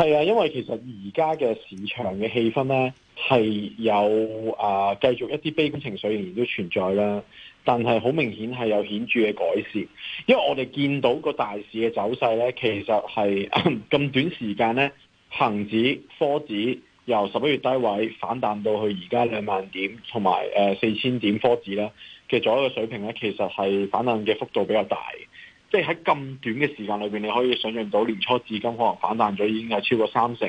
係啊，因為其實而家嘅市場嘅氣氛咧係有啊繼續一啲悲觀情緒仍然都存在啦，但係好明顯係有顯著嘅改善，因為我哋見到個大市嘅走勢咧，其實係咁短時間咧，恒指、科指由十一月低位反彈到去而家兩萬點，同埋誒四千點科指呢，科指咧嘅左一個水平咧，其實係反彈嘅幅度比較大。即係喺咁短嘅時間裏邊，你可以想象到年初至今可能反彈咗已經係超過三成、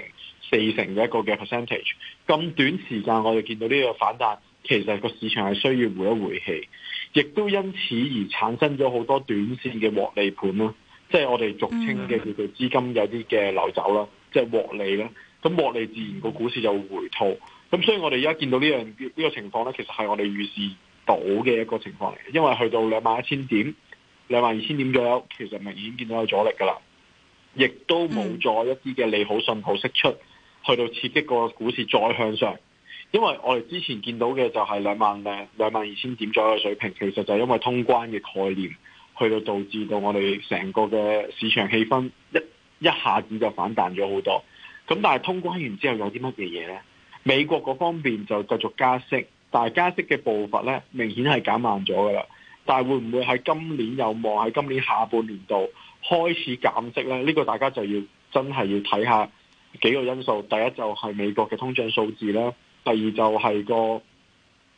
四成嘅一個嘅 percentage。咁短時間，我哋見到呢個反彈，其實個市場係需要回一回氣，亦都因此而產生咗好多短線嘅獲利盤啦。即係我哋俗稱嘅叫做資金有啲嘅流走啦，即係獲利咧。咁獲利自然個股市就會回吐。咁所以我哋而家見到呢樣呢個情況咧，其實係我哋預示到嘅一個情況嚟嘅，因為去到兩萬一千點。兩萬二千點左右，其實咪已經見到有阻力噶啦，亦都冇咗一啲嘅利好信號釋出，去到刺激個股市再向上。因為我哋之前見到嘅就係兩萬兩兩萬二千點左右嘅水平，其實就係因為通關嘅概念，去到導致到我哋成個嘅市場氣氛一一下子就反彈咗好多。咁但係通關完之後有啲乜嘢嘢呢？美國嗰方面就繼續加息，但係加息嘅步伐呢，明顯係減慢咗噶啦。但係會唔會喺今年有望喺今年下半年度開始減息呢？呢、呢個大家就要真係要睇下幾個因素。第一就係美國嘅通脹數字啦，第二就係個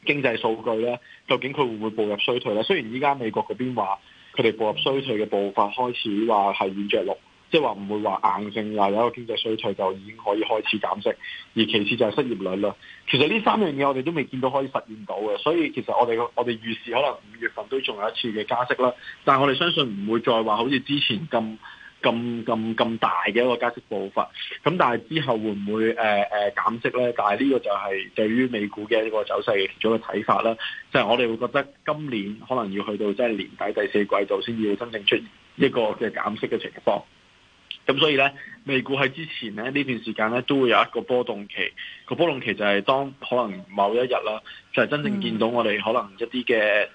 經濟數據咧，究竟佢會唔會步入衰退呢？雖然依家美國嗰邊話佢哋步入衰退嘅步伐開始話係軟着陸。即係話唔會話硬性話有一個經濟衰退就已經可以開始減息，而其次就係失業率啦。其實呢三樣嘢我哋都未見到可以實現到嘅，所以其實我哋我哋預示可能五月份都仲有一次嘅加息啦。但係我哋相信唔會再話好似之前咁咁咁咁大嘅一個加息步伐。咁但係之後會唔會誒誒、呃呃、減息咧？但係呢個就係對於美股嘅一個走勢嘅其中一個睇法啦。就係、是、我哋會覺得今年可能要去到即係年底第四季度先至會真正出現一個嘅減息嘅情況。咁所以咧，美股喺之前咧，呢段時間咧都會有一個波動期。個波動期就係當可能某一日啦，就係、是、真正見到我哋可能一啲嘅誒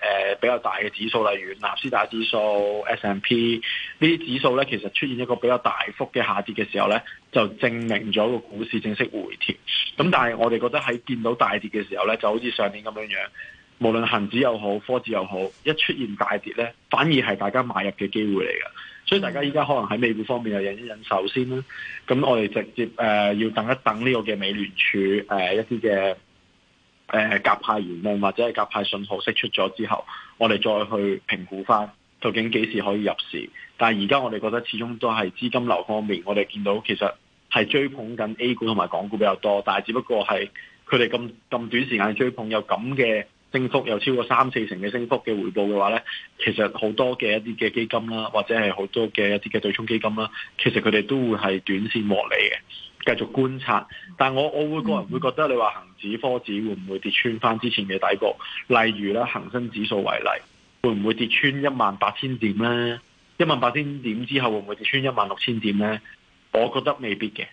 比較大嘅指數，例如納斯達指數、S&P 數呢啲指數咧，其實出現一個比較大幅嘅下跌嘅時候咧，就證明咗個股市正式回調。咁但係我哋覺得喺見到大跌嘅時候咧，就好似上年咁樣樣。無論恒指又好，科指又好，一出現大跌呢，反而係大家買入嘅機會嚟嘅。所以大家依家可能喺美股方面又忍一忍手先啦。咁我哋直接誒、呃、要等一等呢個嘅美聯儲誒、呃、一啲嘅誒鴿派言論或者係鴿派信號釋出咗之後，我哋再去評估返究竟幾時可以入市。但係而家我哋覺得始終都係資金流方面，我哋見到其實係追捧緊 A 股同埋港股比較多，但係只不過係佢哋咁咁短時間去追捧有咁嘅。升幅有超過三四成嘅升幅嘅回報嘅話呢，其實好多嘅一啲嘅基金啦，或者係好多嘅一啲嘅對沖基金啦，其實佢哋都會係短線獲利嘅，繼續觀察。但我我會個人會覺得，你話恒指、科指會唔會跌穿返之前嘅底部？例如啦，恒生指數為例，會唔會跌穿一萬八千點呢？一萬八千點之後會唔會跌穿一萬六千點呢？我覺得未必嘅，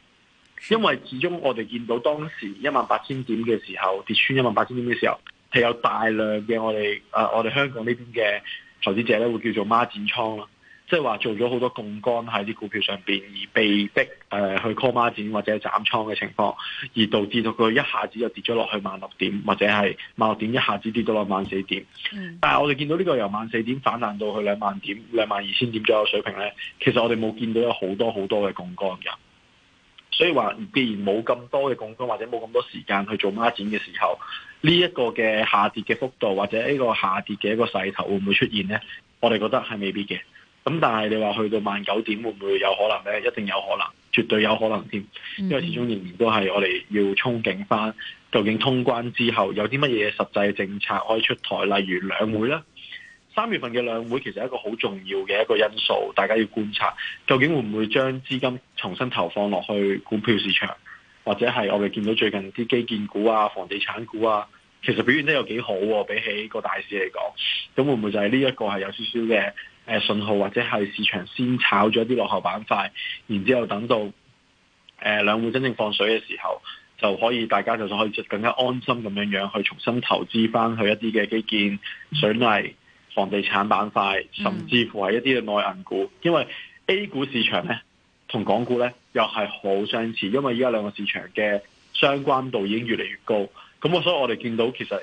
因為始終我哋見到當時一萬八千點嘅時候，跌穿一萬八千點嘅時候。係有大量嘅我哋，誒、呃、我哋香港呢邊嘅投資者咧，會叫做孖展倉咯，即係話做咗好多槓桿喺啲股票上邊，而被迫誒、呃、去 call 孖展或者斬倉嘅情況，而導致到佢一下子就跌咗落去萬六點，或者係萬六點一下子跌到落萬四點。嗯、但係我哋見到呢個由萬四點反彈到去兩萬點、兩萬二千點左右水平咧，其實我哋冇見到有好多好多嘅槓桿嘅，所以話既然冇咁多嘅槓桿或者冇咁多時間去做孖展嘅時候。呢一個嘅下跌嘅幅度，或者呢個下跌嘅一個勢頭，會唔會出現呢？我哋覺得係未必嘅。咁但係你話去到萬九點，會唔會有可能呢？一定有可能，絕對有可能添。因為始終仍然都係我哋要憧憬翻，究竟通關之後有啲乜嘢實際政策可以出台，例如兩會啦。三月份嘅兩會其實係一個好重要嘅一個因素，大家要觀察究竟會唔會將資金重新投放落去股票市場，或者係我哋見到最近啲基建股啊、房地產股啊。其實表現得有幾好喎，啊，比起個大市嚟講，咁會唔會就係呢一個係有少少嘅，誒信號，或者係市場先炒咗一啲落後板塊，然之後等到誒兩會真正放水嘅時候，就可以大家就可可以更加安心咁樣樣去重新投資翻去一啲嘅基建、水泥、房地產板塊，甚至乎係一啲嘅內銀股，因為 A 股市場呢，同港股呢，又係好相似，因為依家兩個市場嘅相關度已經越嚟越高。咁所以我哋見到其實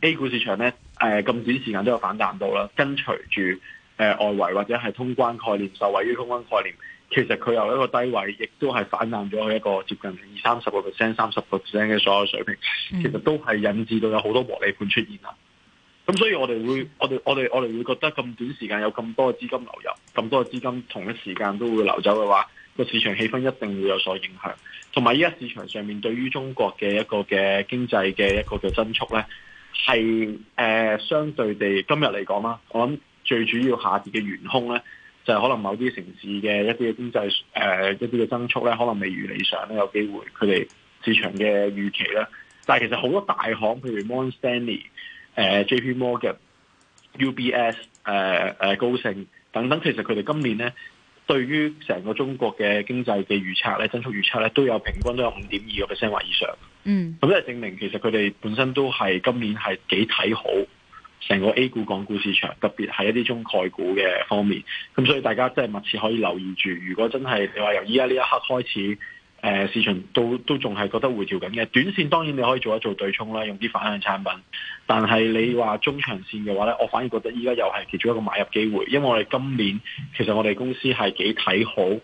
A 股市場咧，誒、呃、咁短時間都有反彈到啦，跟隨住誒外圍或者係通關概念受惠於通關概念，其實佢由一個低位，亦都係反彈咗一個接近二三十個 percent、三十個 percent 嘅所有水平，其實都係引致到有好多獲利盤出現啦。咁所以我哋會，我哋我哋我哋會覺得咁短時間有咁多資金流入，咁多資金同一時間都會流走嘅話。個市場氣氛一定會有所影響，同埋依家市場上面對於中國嘅一個嘅經濟嘅一個嘅增速咧，係誒、呃、相對地今日嚟講啦，我諗最主要下跌嘅員空咧，就係、是、可能某啲城市嘅一啲嘅經濟誒、呃、一啲嘅增速咧，可能未如理想咧，有機會佢哋市場嘅預期啦，但係其實好多大行，譬如 Morgan Stanley、呃、誒 JP Morgan UBS、、呃、UBS、誒誒高盛等等，其實佢哋今年咧。對於成個中國嘅經濟嘅預測咧，增速預測咧都有平均都有五點二個 percent 或以上。嗯，咁即係證明其實佢哋本身都係今年係幾睇好成個 A 股港股市場，特別係一啲中概股嘅方面。咁所以大家即係密切可以留意住，如果真係你話由依家呢一刻開始。誒市場都都仲係覺得回調緊嘅，短線當然你可以做一做對沖啦，用啲反向產品。但係你話中長線嘅話呢，我反而覺得依家又係其中一個買入機會，因為我哋今年其實我哋公司係幾睇好、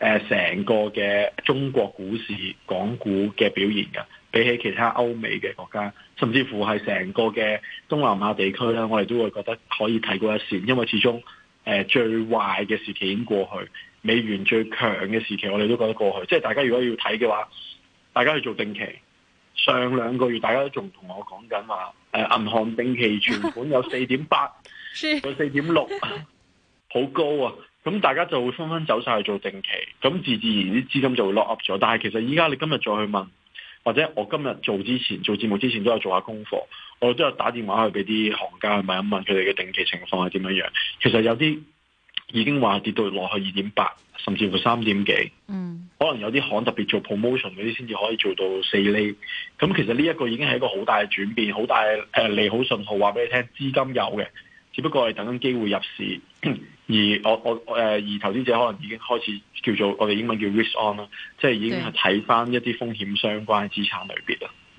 呃、成個嘅中國股市、港股嘅表現㗎，比起其他歐美嘅國家，甚至乎係成個嘅東南亞地區呢，我哋都會覺得可以睇高一線，因為始終、呃、最壞嘅時期已經過去。美元最強嘅時期，我哋都覺得過去。即係大家如果要睇嘅話，大家去做定期。上兩個月大家都仲同我講緊話，誒銀行定期存款有四點八，有四點六，好高啊！咁大家就會紛紛走晒去做定期，咁自自然啲資金就會 lock up 咗。但係其實依家你今日再去問，或者我今日做之前做節目之前，都有做下功課，我都有打電話去俾啲行家去問一問佢哋嘅定期情況係點樣樣。其實有啲已經話跌到落去二點八，甚至乎三點幾。嗯，可能有啲行特別做 promotion 嗰啲先至可以做到四厘。咁其實呢一個已經係一個好大嘅轉變，好大嘅利好信號。話俾你聽，資金有嘅，只不過係等緊機會入市。而我我誒，而投資者可能已經開始叫做我哋英文叫 risk on 啦，即係已經係睇翻一啲風險相關資產類別啦。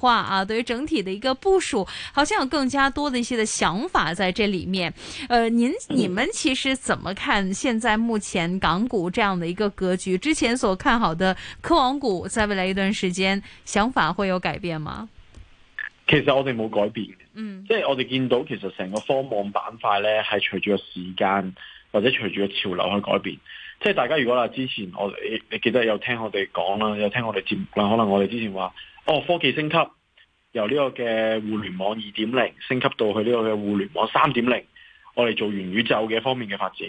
話啊，對於整體的一個部署，好像有更加多的一些的想法在這裏面。呃，您你，你們其實怎麼看現在目前港股這樣的一個格局？之前所看好的科網股，在未來一段時間，想法會有改變嗎？其實我哋冇改變，嗯，即係我哋見到，其實成個科網板塊呢係隨住個時間或者隨住個潮流去改變。即係大家如果啦之前我，我你你記得有聽我哋講啦，有聽我哋節目啦，可能我哋之前話。哦，科技升級由呢個嘅互聯網二點零升級到去呢個嘅互聯網三點零，我哋做元宇宙嘅方面嘅發展。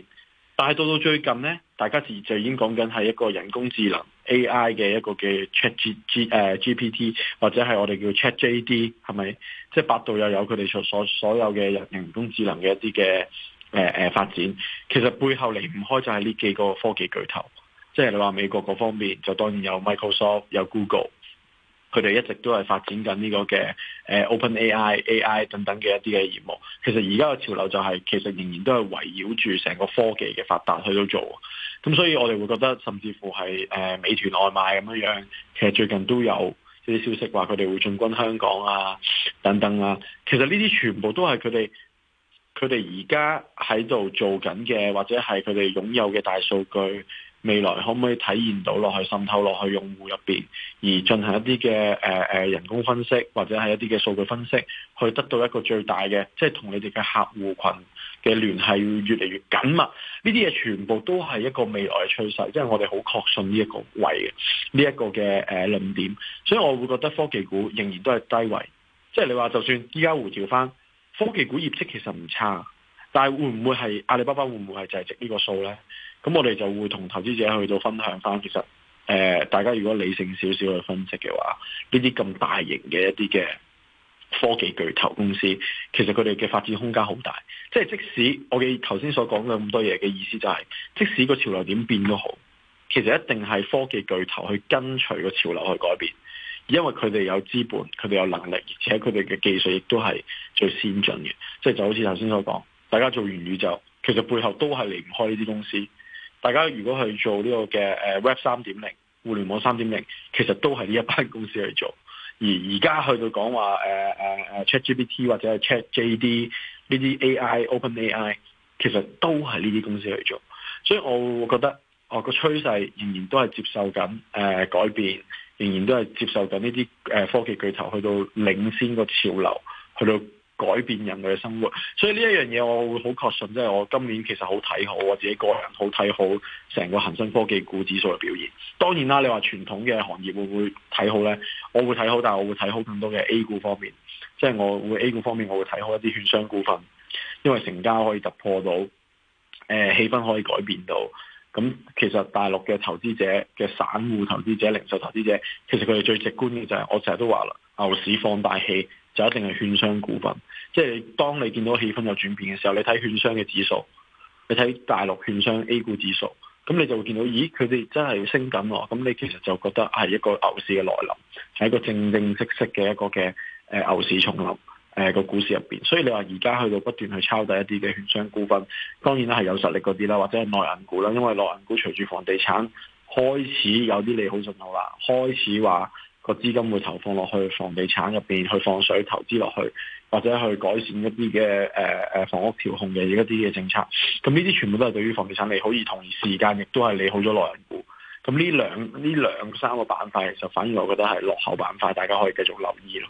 但係到到最近呢，大家就就已經講緊係一個人工智能 AI 嘅一個嘅 Chat G G、uh, GPT 或者係我哋叫 Chat JD，係咪？即係百度又有佢哋所所所有嘅人工智能嘅一啲嘅誒誒發展。其實背後離唔開就係呢幾個科技巨頭，即係你話美國嗰方面就當然有 Microsoft 有 Google。佢哋一直都係發展緊呢個嘅誒 Open AI、AI 等等嘅一啲嘅業務。其實而家嘅潮流就係，其實仍然都係圍繞住成個科技嘅發達去到做。咁所以我哋會覺得甚至乎係誒美團外賣咁樣樣，其實最近都有啲消息話佢哋會進軍香港啊等等啊。其實呢啲全部都係佢哋佢哋而家喺度做緊嘅，或者係佢哋擁有嘅大數據。未來可唔可以體現到落去滲透落去用戶入邊，而進行一啲嘅誒誒人工分析或者係一啲嘅數據分析，去得到一個最大嘅，即係同你哋嘅客戶群嘅聯繫會越嚟越緊密。呢啲嘢全部都係一個未來嘅趨勢，即係我哋好確信呢一個位嘅呢一個嘅誒論點。所以我會覺得科技股仍然都係低位。即係你話就算依家回調翻，科技股業績其實唔差。但係會唔會係阿里巴巴會唔會係就係值呢個數呢？咁我哋就會同投資者去到分享翻。其實，誒、呃，大家如果理性少少去分析嘅話，呢啲咁大型嘅一啲嘅科技巨頭公司，其實佢哋嘅發展空間好大。即係即使我哋頭先所講嘅咁多嘢嘅意思，就是，就係即使個潮流點變都好，其實一定係科技巨頭去跟隨個潮流去改變，因為佢哋有資本，佢哋有能力，而且佢哋嘅技術亦都係最先進嘅。即係就好似頭先所講。大家做元宇宙，其實背後都係離唔開呢啲公司。大家如果去做呢個嘅 Web 三點零、互聯網三點零，其實都係呢一班公司去做。而而家去到講話 ChatGPT 或者係 ChatJD 呢啲 AI、OpenAI，其實都係呢啲公司去做。所以我覺得，我個趨勢仍然都係接受緊、呃、改變，仍然都係接受緊呢啲科技巨頭去到領先個潮流，去到，改變人類嘅生活，所以呢一樣嘢我會好確信，即係我今年其實好睇好我自己個人好睇好成個恒生科技股指數嘅表現。當然啦，你話傳統嘅行業會唔會睇好呢？我會睇好，但係我會睇好更多嘅 A 股方面，即係我會 A 股方面我會睇好一啲券商股份，因為成交可以突破到，誒氣氛可以改變到。咁其實大陸嘅投資者嘅散戶投資者、零售投資者，其實佢哋最直觀嘅就係我成日都話啦，牛市放大器。就一定係券商股份，即係當你見到氣氛有轉變嘅時候，你睇券商嘅指數，你睇大陸券商 A 股指數，咁你就會見到，咦，佢哋真係升緊喎，咁你其實就覺得係一個牛市嘅來臨，係一個正正式式嘅一個嘅誒牛市重臨，誒個股市入邊，所以你話而家去到不斷去抄底一啲嘅券商股份，當然啦係有實力嗰啲啦，或者係內銀股啦，因為內銀股隨住房地產開始有啲利好信號啦，開始話。個資金會投放落去房地產入邊去放水投資落去，或者去改善一啲嘅誒誒房屋調控嘅一啲嘅政策，咁呢啲全部都係對於房地產利好，而同時時間亦都係利好咗內銀股。咁呢兩呢兩三個板塊，其實反而我覺得係落後板塊，大家可以繼續留意咯。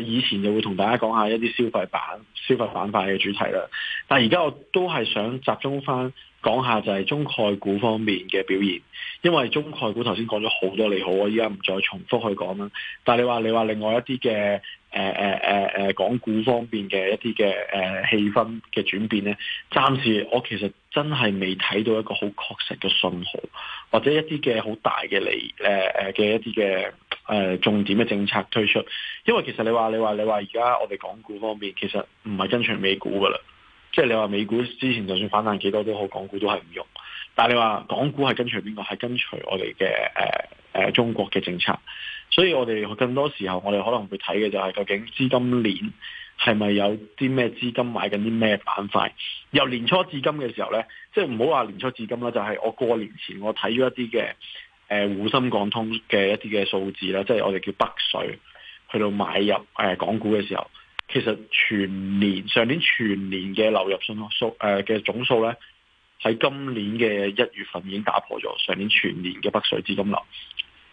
以前就會同大家講下一啲消費板消費板塊嘅主題啦，但係而家我都係想集中翻講下就係中概股方面嘅表現，因為中概股頭先講咗好多利好，我依家唔再重複去講啦。但係你話你話另外一啲嘅。誒誒誒誒，港股方面嘅一啲嘅誒氣氛嘅轉變呢，暫時我其實真係未睇到一個好確實嘅信號，或者一啲嘅好大嘅嚟誒誒嘅一啲嘅誒重點嘅政策推出。因為其實你話你話你話，而家我哋港股方面其實唔係跟隨美股㗎喇，即係你話美股之前就算反彈幾多都好，港股都係唔用。但係你話港股係跟隨邊個？係跟隨我哋嘅誒誒中國嘅政策。所以我哋更多時候，我哋可能會睇嘅就係究竟資金鏈係咪有啲咩資金買緊啲咩板塊？由年初至今嘅時候呢，即係唔好話年初至今啦，就係我過年前我睇咗一啲嘅誒滬深港通嘅一啲嘅數字啦，即係我哋叫北水去到買入誒、呃、港股嘅時候，其實全年上年全年嘅流入數數誒嘅總數呢，喺今年嘅一月份已經打破咗上年全年嘅北水資金流。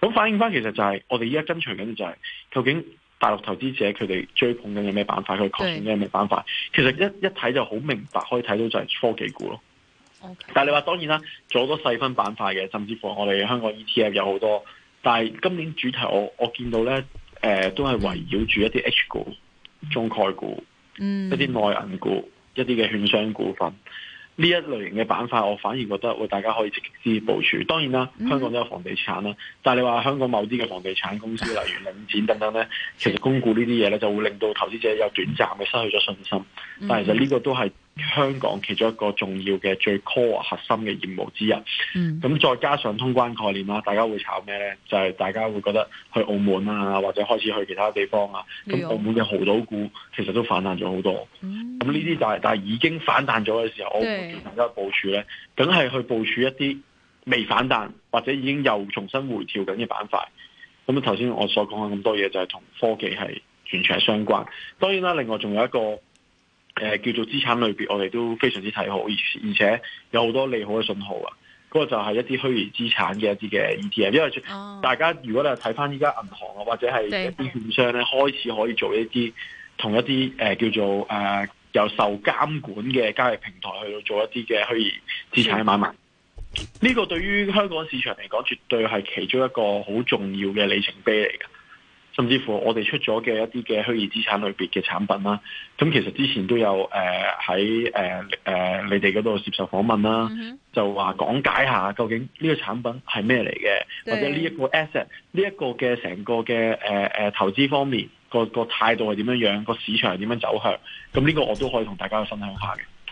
咁反映翻，其實就係我哋依家跟隨緊嘅就係，究竟大陸投資者佢哋追捧緊嘅咩板塊，佢確認咩板塊？對其實一一睇就好明白，可以睇到就係科技股咯。Okay 但係你話當然啦，做好多細分板塊嘅，甚至乎我哋香港 ETF 有好多。但係今年主題我，我我見到咧、呃，都係圍繞住一啲 H 股、中概股、嗯、一啲內銀股、一啲嘅券商股份。呢一類型嘅板塊，我反而覺得，會大家可以積極啲部署。當然啦，香港都有房地產啦，但係你話香港某啲嘅房地產公司例如領展等等呢，其實供股呢啲嘢呢，就會令到投資者有短暫嘅失去咗信心。但係其實呢個都係。香港其中一個重要嘅最 core 核心嘅業務之一，咁、嗯、再加上通關概念啦，大家會炒咩呢？就係、是、大家會覺得去澳門啊，或者開始去其他地方啊，咁澳門嘅濠賭股其實都反彈咗好多。咁呢啲就係，但係已經反彈咗嘅時候，我建議大家部署呢，梗係去部署一啲未反彈或者已經又重新回調緊嘅板塊。咁頭先我所講嘅咁多嘢，就係同科技係完全係相關。當然啦，另外仲有一個。誒、呃，叫做資產類別，我哋都非常之睇好，而而且有好多利好嘅信號啊！嗰、那個就係一啲虛擬資產嘅一啲嘅 ETF，因為大家、哦、如果你睇翻依家銀行啊，或者係一啲券商咧，的開始可以做一啲同一啲誒、呃，叫做誒由、呃、受監管嘅交易平台去做一啲嘅虛擬資產嘅買賣。呢、這個對於香港市場嚟講，絕對係其中一個好重要嘅里程碑嚟嘅。甚至乎我哋出咗嘅一啲嘅虛擬資產類別嘅產品啦，咁其實之前都有誒喺誒誒你哋嗰度接受訪問啦，就話講解下究竟呢個產品係咩嚟嘅，或者呢一個 asset 呢一個嘅成個嘅誒誒投資方面、個個態度係點樣樣、個市場係點樣走向，咁呢個我都可以同大家去分享下嘅。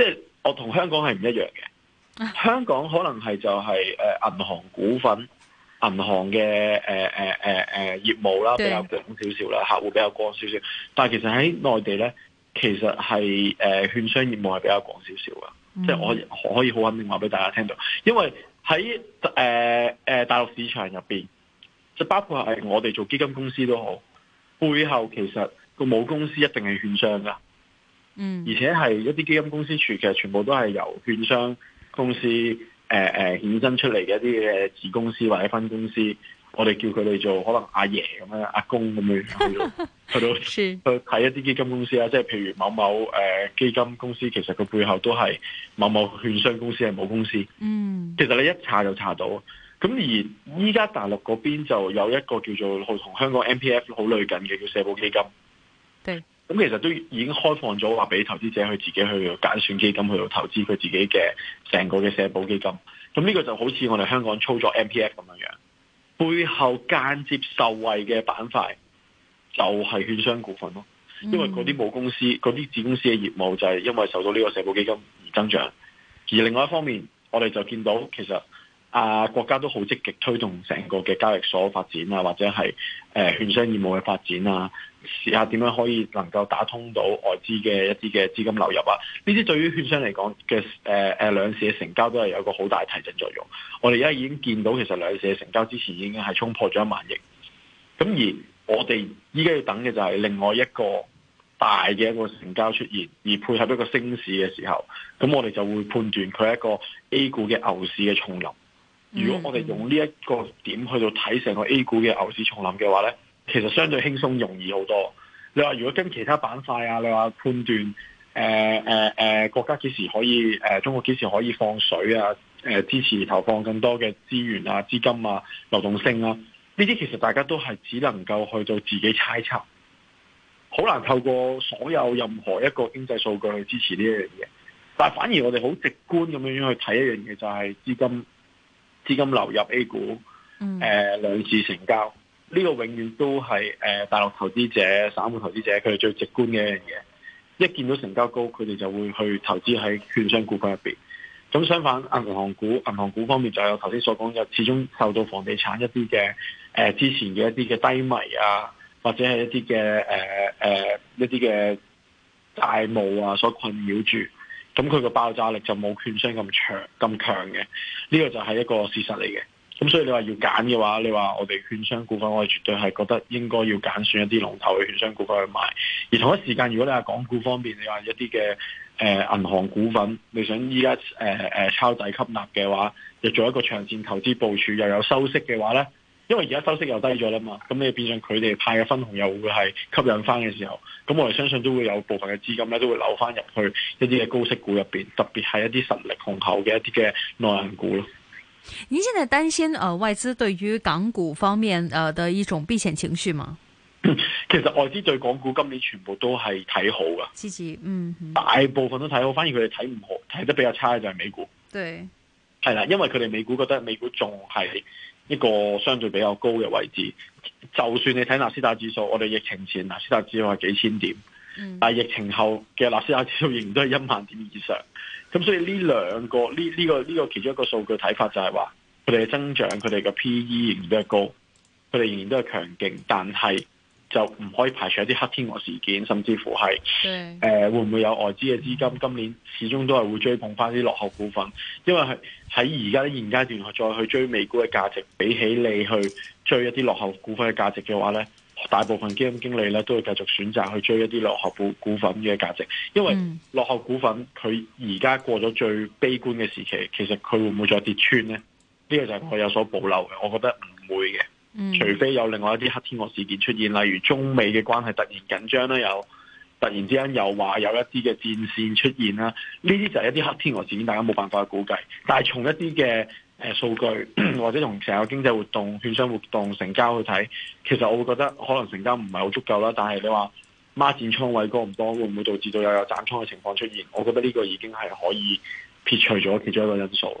即係我同香港係唔一樣嘅，香港可能係就係誒銀行股份，銀行嘅誒誒誒誒業務啦，比較廣少少啦，對客戶比較多少少。但係其實喺內地咧，其實係誒券商業務係比較廣少少噶，即係、嗯、我可以好肯定話俾大家聽到，因為喺誒誒大陸市場入邊，就包括係我哋做基金公司都好，背後其實個母公司一定係券商噶。嗯，而且係一啲基金公司處，其實全部都係由券商公司誒誒、呃呃、衍生出嚟嘅一啲誒子公司或者分公司，我哋叫佢哋做可能阿爺咁樣，阿公咁樣 去到去睇一啲基金公司啦。即係譬如某某誒、呃、基金公司，其實個背後都係某某券商公司係冇公司。嗯，其實你一查就查到。咁而依家大陸嗰邊就有一個叫做同香港 MPF 好類近嘅叫社保基金。對。咁其實都已經開放咗話俾投資者去自己去揀選，選基金去投資佢自己嘅成個嘅社保基金，咁呢個就好似我哋香港操作 MPF 咁樣，背後間接受惠嘅板塊就係券商股份咯，因為嗰啲母公司嗰啲子公司嘅業務就係因為受到呢個社保基金而增長，而另外一方面，我哋就見到其實。啊！國家都好積極推動成個嘅交易所發展啊，或者係誒券商業務嘅發展啊，試下點樣可以能夠打通到外資嘅一啲嘅資金流入啊！呢啲對於券商嚟講嘅誒誒兩市嘅成交都係有個好大提振作用。我哋而家已經見到其實兩市嘅成交之前已經係衝破咗一萬億，咁而我哋依家要等嘅就係另外一個大嘅一個成交出現，而配合一個升市嘅時候，咁我哋就會判斷佢係一個 A 股嘅牛市嘅重臨。如果我哋用呢一個點去到睇成個 A 股嘅牛市重臨嘅話呢，其實相對輕鬆容易好多。你話如果跟其他板塊啊，你話判斷誒誒誒，國家幾時可以誒、呃，中國幾時可以放水啊？誒、呃，支持投放更多嘅資源啊、資金啊、流動性啊，呢啲其實大家都係只能夠去到自己猜測，好難透過所有任何一個經濟數據去支持呢一樣嘢。但係反而我哋好直觀咁樣樣去睇一樣嘢，就係資金。資金流入 A 股，誒、呃，兩市成交呢、這個永遠都係誒、呃、大陸投資者、散戶投資者佢哋最直觀嘅一樣嘢，一見到成交高，佢哋就會去投資喺券商股份入邊。咁相反，銀行股、銀行股方面就有頭先所講嘅，始終受到房地產一啲嘅誒之前嘅一啲嘅低迷啊，或者係一啲嘅誒誒一啲嘅債務啊所困擾住。咁佢個爆炸力就冇券商咁長咁強嘅，呢個就係一個事實嚟嘅。咁所以你話要揀嘅話，你話我哋券商股份，我哋絕對係覺得應該要揀選一啲龍頭嘅券商股份去買。而同一時間，如果你話港股方面，你話一啲嘅誒銀行股份，你想依家誒誒抄底吸納嘅話，又做一個長線投資部署，又有收息嘅話咧？因為而家收息又低咗啦嘛，咁你變成佢哋派嘅分紅又會係吸引翻嘅時候，咁我哋相信都會有部分嘅資金咧都會流翻入去一啲嘅高息股入邊，特別係一啲實力雄厚嘅一啲嘅內銀股咯。您、嗯、現在擔心、呃、外資對於港股方面誒、呃、的一種避險情緒嗎？其實外資對港股今年全部都係睇好噶，嗯、嗯大部分都睇好，反而佢哋睇唔好睇得比較差嘅就係美股。對，係啦，因為佢哋美股覺得美股仲係。一個相對比較高嘅位置，就算你睇納斯達指數，我哋疫情前納斯達指數係幾千點，但係疫情後嘅納斯達指數仍然都係一萬點以上，咁所以呢兩個呢呢、呢個呢、呢個其中一個數據睇法就係話，佢哋嘅增長，佢哋嘅 PE 仍然都係高，佢哋仍然都係強勁，但係。就唔可以排除一啲黑天鵝事件，甚至乎係誒、呃，會唔會有外資嘅資金？今年始終都係會追捧翻啲落後股份，因為係喺而家現階段再去追美股嘅價值，比起你去追一啲落後股份嘅價值嘅話咧，大部分基金經理咧都會繼續選擇去追一啲落後股股份嘅價值，因為落後股份佢而家過咗最悲觀嘅時期，其實佢會唔會再跌穿咧？呢、這個就係我有所保留嘅，我覺得唔會嘅。嗯、除非有另外一啲黑天鵝事件出現，例如中美嘅關係突然緊張啦，又突然之間又話有一啲嘅戰線出現啦，呢啲就係一啲黑天鵝事件，大家冇辦法去估計，但係從一啲嘅誒數據或者從成個經濟活動、券商活動成交去睇，其實我會覺得可能成交唔係好足夠啦。但係你話孖展倉位多唔多，會唔會導致到又有斬倉嘅情況出現，我覺得呢個已經係可以撇除咗其中一個因素。